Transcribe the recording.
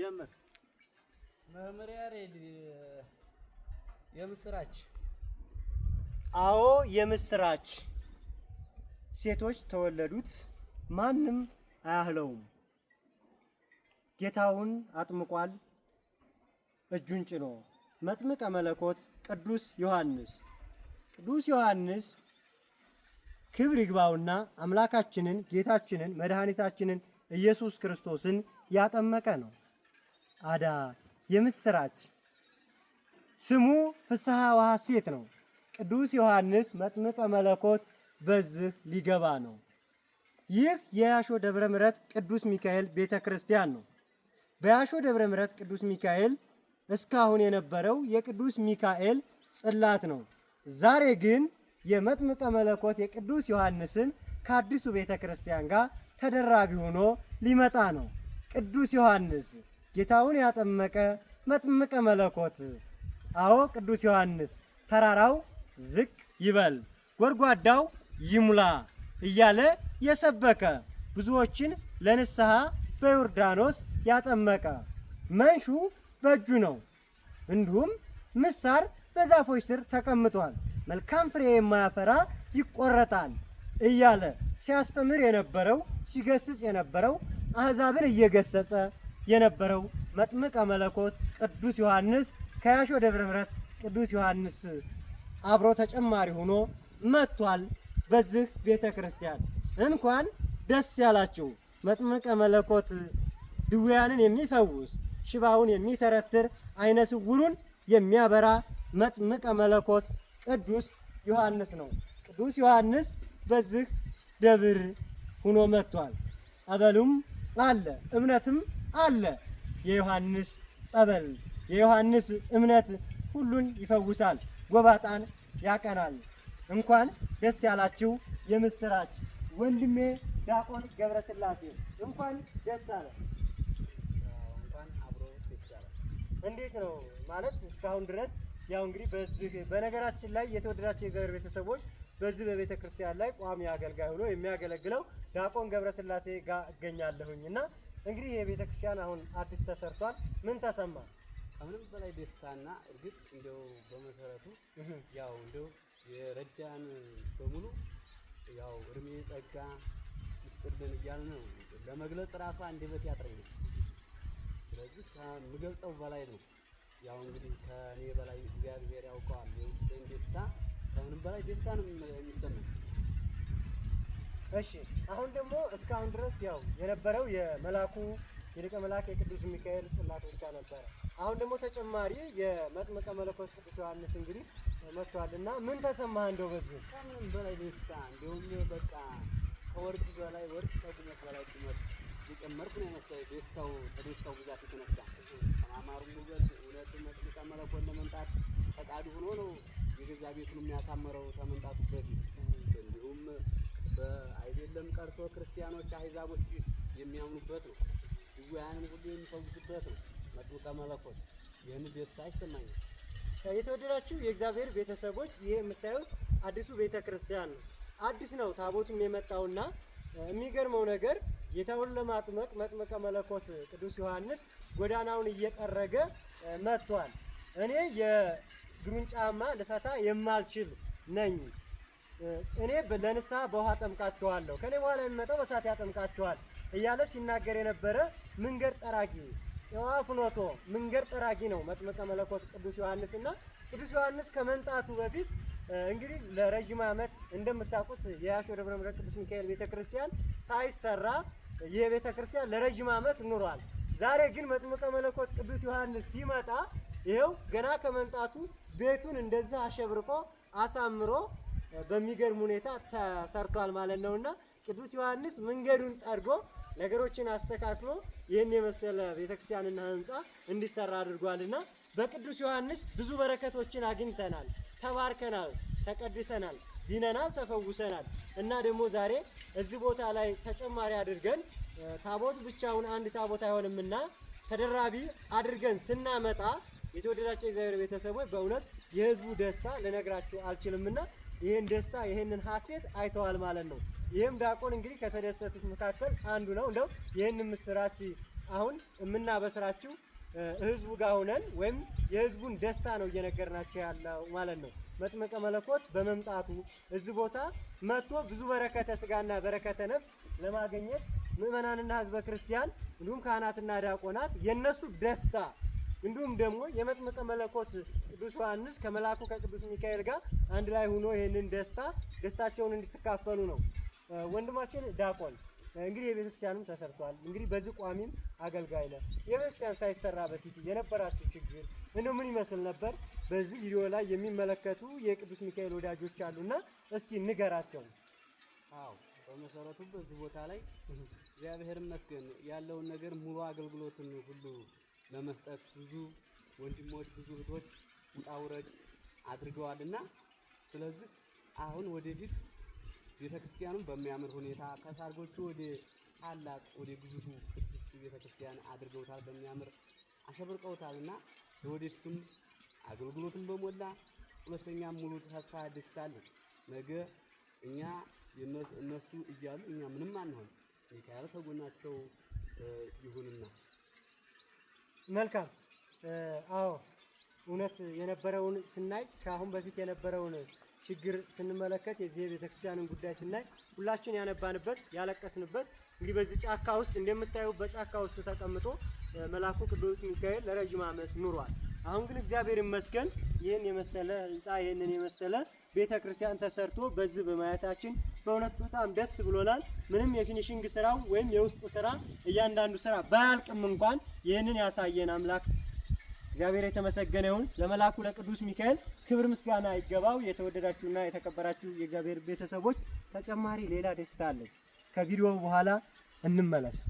ጀመር መምሪያ ያሬድ የምስራች። አዎ የምስራች። ሴቶች ተወለዱት ማንም አያህለውም። ጌታውን አጥምቋል እጁን ጭኖ መጥምቀ መለኮት ቅዱስ ዮሐንስ። ቅዱስ ዮሐንስ ክብር ይግባውና አምላካችንን ጌታችንን መድኃኒታችንን ኢየሱስ ክርስቶስን ያጠመቀ ነው። አዳ የምስራች ስሙ ፍስሐ ወሐሴት ነው። ቅዱስ ዮሐንስ መጥምቀ መለኮት በዚህ ሊገባ ነው። ይህ የያሾ ደብረ ምሕረት ቅዱስ ሚካኤል ቤተ ክርስቲያን ነው። በያሾ ደብረ ምሕረት ቅዱስ ሚካኤል እስካሁን የነበረው የቅዱስ ሚካኤል ጽላት ነው። ዛሬ ግን የመጥምቀ መለኮት የቅዱስ ዮሐንስን ከአዲሱ ቤተ ክርስቲያን ጋር ተደራቢ ሆኖ ሊመጣ ነው። ቅዱስ ዮሐንስ ጌታውን ያጠመቀ መጥምቀ መለኮት። አዎ ቅዱስ ዮሐንስ ተራራው ዝቅ ይበል ጎድጓዳው ይሙላ እያለ የሰበከ ብዙዎችን ለንስሐ በዮርዳኖስ ያጠመቀ መንሹ በእጁ ነው። እንዲሁም ምሳር በዛፎች ስር ተቀምጧል፣ መልካም ፍሬ የማያፈራ ይቆረጣል እያለ ሲያስተምር የነበረው ሲገስጽ የነበረው አሕዛብን እየገሰጸ የነበረው መጥምቀ መለኮት ቅዱስ ዮሐንስ ከያሾ ደብረ ምሕረት ቅዱስ ዮሐንስ አብሮ ተጨማሪ ሆኖ መጥቷል። በዚህ ቤተ ክርስቲያን እንኳን ደስ ያላችሁ። መጥምቀ መለኮት ድውያንን የሚፈውስ ሽባውን የሚተረትር አይነ ስውሩን የሚያበራ መጥምቀ መለኮት ቅዱስ ዮሐንስ ነው። ቅዱስ ዮሐንስ በዚህ ደብር ሆኖ መጥቷል። ጸበሉም አለ እምነትም አለ። የዮሐንስ ጸበል፣ የዮሐንስ እምነት ሁሉን ይፈውሳል፣ ጎባጣን ያቀናል። እንኳን ደስ ያላችሁ! የምስራች ወንድሜ ዲያቆን ገብረስላሴ እንኳን ደስ አለ። እንዴት ነው ማለት እስካሁን ድረስ ያው እንግዲህ በዚህ በነገራችን ላይ የተወደዳቸው የእግዚአብሔር ቤተሰቦች በዚህ በቤተ ክርስቲያን ላይ ቋሚ አገልጋይ ሆኖ የሚያገለግለው ዲያቆን ገብረስላሴ ጋር እገኛለሁኝ እና እንግዲህ የቤተ ክርስቲያን አሁን አዲስ ተሰርቷል። ምን ተሰማ? ከምንም በላይ ደስታና እርግጥ እንደው በመሰረቱ ያው እንደው የረዳን በሙሉ ያው እድሜ ጸጋ ይስጥልን እያልን ነው። ለመግለጽ ራሱ አንደበት ያጥረኛል። ስለዚህ ከምገልጸው በላይ ነው። ያው እንግዲህ ከኔ በላይ እግዚአብሔር ያውቀዋል የውስጤን ደስታ ከምንም በላይ ደስታ ነው የሚሰማኝ። እሺ አሁን ደግሞ እስካሁን ድረስ ያው የነበረው የመላኩ የሊቀ መልአክ የቅዱስ ሚካኤል ጽላት ብቻ ነበረ። አሁን ደግሞ ተጨማሪ የመጥምቀ መለኮት ቅዱስ ዮሐንስ እንግዲህ መጥቷል እና ምን ተሰማህ? እንደው በዚህ ከምንም በላይ ደስታ እንዲሁም በቃ ከወርቅ በላይ ወርቅ ከቁመት በላይ ቁመት ሊጨመርኩ ነው የመሰለኝ ደስታው ከደስታው ብዛት የተነሳ ከማማሩ ውበት እውነት መጥምቀ መለኮት ለመምጣት ፈቃዱ ሆኖ ነው የገዛ ቤቱን የሚያሳምረው ከመምጣቱ በፊት እንዲሁም በአይደለም ቀርቶ ክርስቲያኖች አህዛቦች የሚያምኑበት ነው። ድውያንን ሁሉ የሚፈውሱበት ነው። መጥምቀ መለኮት ይህን ደስታ ይሰማኛል። የተወደዳችሁ የእግዚአብሔር ቤተሰቦች ይሄ የምታዩት አዲሱ ቤተ ክርስቲያን ነው። አዲስ ነው ታቦቱም የመጣውና የሚገርመው ነገር ጌታውን ለማጥመቅ መጥምቀ መለኮት ቅዱስ ዮሐንስ ጎዳናውን እየጠረገ መጥቷል። እኔ የግሩን ጫማ ልፈታ የማልችል ነኝ። እኔ ለንስሐ በውሃ ጠምቃችኋለሁ፣ ከኔ በኋላ የሚመጣው በእሳት ያጠምቃችኋል እያለ ሲናገር የነበረ መንገድ ጠራጊ ጽዋ ፍኖቶ መንገድ ጠራጊ ነው መጥምቀ መለኮት ቅዱስ ዮሐንስ። እና ቅዱስ ዮሐንስ ከመምጣቱ በፊት እንግዲህ ለረዥም ዓመት እንደምታውቁት የያሾ ደብረ ምሕረት ቅዱስ ሚካኤል ቤተክርስቲያን ሳይሰራ ይህ ቤተክርስቲያን ለረዥም ዓመት ኑሯል። ዛሬ ግን መጥምቀ መለኮት ቅዱስ ዮሐንስ ሲመጣ ይኸው ገና ከመምጣቱ ቤቱን እንደዛ አሸብርቆ አሳምሮ በሚገርም ሁኔታ ተሰርቷል ማለት ነው እና ቅዱስ ዮሐንስ መንገዱን ጠርጎ ነገሮችን አስተካክሎ ይህን የመሰለ ቤተክርስቲያንና ህንፃ እንዲሰራ አድርጓልና በቅዱስ ዮሐንስ ብዙ በረከቶችን አግኝተናል፣ ተባርከናል፣ ተቀድሰናል፣ ዲነናል፣ ተፈውሰናል እና ደግሞ ዛሬ እዚህ ቦታ ላይ ተጨማሪ አድርገን ታቦት ብቻውን አንድ ታቦት አይሆንምና ተደራቢ አድርገን ስናመጣ የተወደዳቸው የእግዚአብሔር ቤተሰቦች በእውነት የህዝቡ ደስታ ልነግራችሁ አልችልምና ይህን ደስታ ይህንን ሀሴት አይተዋል ማለት ነው። ይህም ዲያቆን እንግዲህ ከተደሰቱት መካከል አንዱ ነው። እንደው ይህን ምስራች አሁን የምናበስራችሁ ህዝቡ ጋር ሆነን ወይም የህዝቡን ደስታ ነው እየነገርናቸው ያለው ማለት ነው። መጥመቀ መለኮት በመምጣቱ እዚህ ቦታ መጥቶ ብዙ በረከተ ስጋና በረከተ ነፍስ ለማገኘት ምእመናንና ህዝበ ክርስቲያን እንዲሁም ካህናትና ዲያቆናት የእነሱ ደስታ እንዲሁም ደግሞ የመጥምቀ መለኮት ቅዱስ ዮሐንስ ከመልአኩ ከቅዱስ ሚካኤል ጋር አንድ ላይ ሆኖ ይህንን ደስታ ደስታቸውን እንድትካፈሉ ነው። ወንድማችን ዳቆን እንግዲህ የቤተክርስቲያንም ተሰርቷል። እንግዲህ በዚህ ቋሚም አገልጋይ ነው። የቤተክርስቲያን ሳይሰራ በፊት የነበራችሁ ችግር እንደ ምን ይመስል ነበር? በዚህ ቪዲዮ ላይ የሚመለከቱ የቅዱስ ሚካኤል ወዳጆች አሉና እስኪ ንገራቸው። አዎ በመሰረቱ በዚህ ቦታ ላይ እግዚአብሔር ይመስገን ያለውን ነገር ሙሉ አገልግሎትን ሁሉ በመስጠት ብዙ ወንድሞች ብዙ እህቶች ውጣ ውረድ አድርገዋልና ስለዚህ አሁን ወደፊት ቤተ ክርስቲያኑን በሚያምር ሁኔታ ከሳርጎቹ ወደ ታላቅ ወደ ግዙፉ ቅድስት ቤተ ክርስቲያን አድርገውታል። በሚያምር አሸብርቀውታልና ለወደፊቱም አገልግሎትን በሞላ ሁለተኛ ሙሉ ተስፋ ደስታለን። ነገ እኛ እነሱ እያሉ እኛ ምንም አንሆን። ሚካኤል ከጎናቸው ይሁንና መልካም አዎ እውነት የነበረውን ስናይ ከአሁን በፊት የነበረውን ችግር ስንመለከት የዚህ የቤተክርስቲያንን ጉዳይ ስናይ ሁላችን ያነባንበት ያለቀስንበት እንግዲህ በዚህ ጫካ ውስጥ እንደምታዩ በጫካ ውስጥ ተቀምጦ መልአኩ ቅዱስ ሚካኤል ለረዥም ዓመት ኑሯል። አሁን ግን እግዚአብሔር ይመስገን ይህን የመሰለ ህንፃ ይህንን የመሰለ ቤተ ክርስቲያን ተሰርቶ በዚህ በማየታችን በእውነት በጣም ደስ ብሎናል። ምንም የፊኒሽንግ ስራው ወይም የውስጡ ስራ እያንዳንዱ ስራ ባያልቅም እንኳን ይህንን ያሳየን አምላክ እግዚአብሔር የተመሰገነ ይሁን። ለመልአኩ ለቅዱስ ሚካኤል ክብር ምስጋና ይገባው። የተወደዳችሁና የተከበራችሁ የእግዚአብሔር ቤተሰቦች ተጨማሪ ሌላ ደስታ አለን። ከቪዲዮ በኋላ እንመለስ።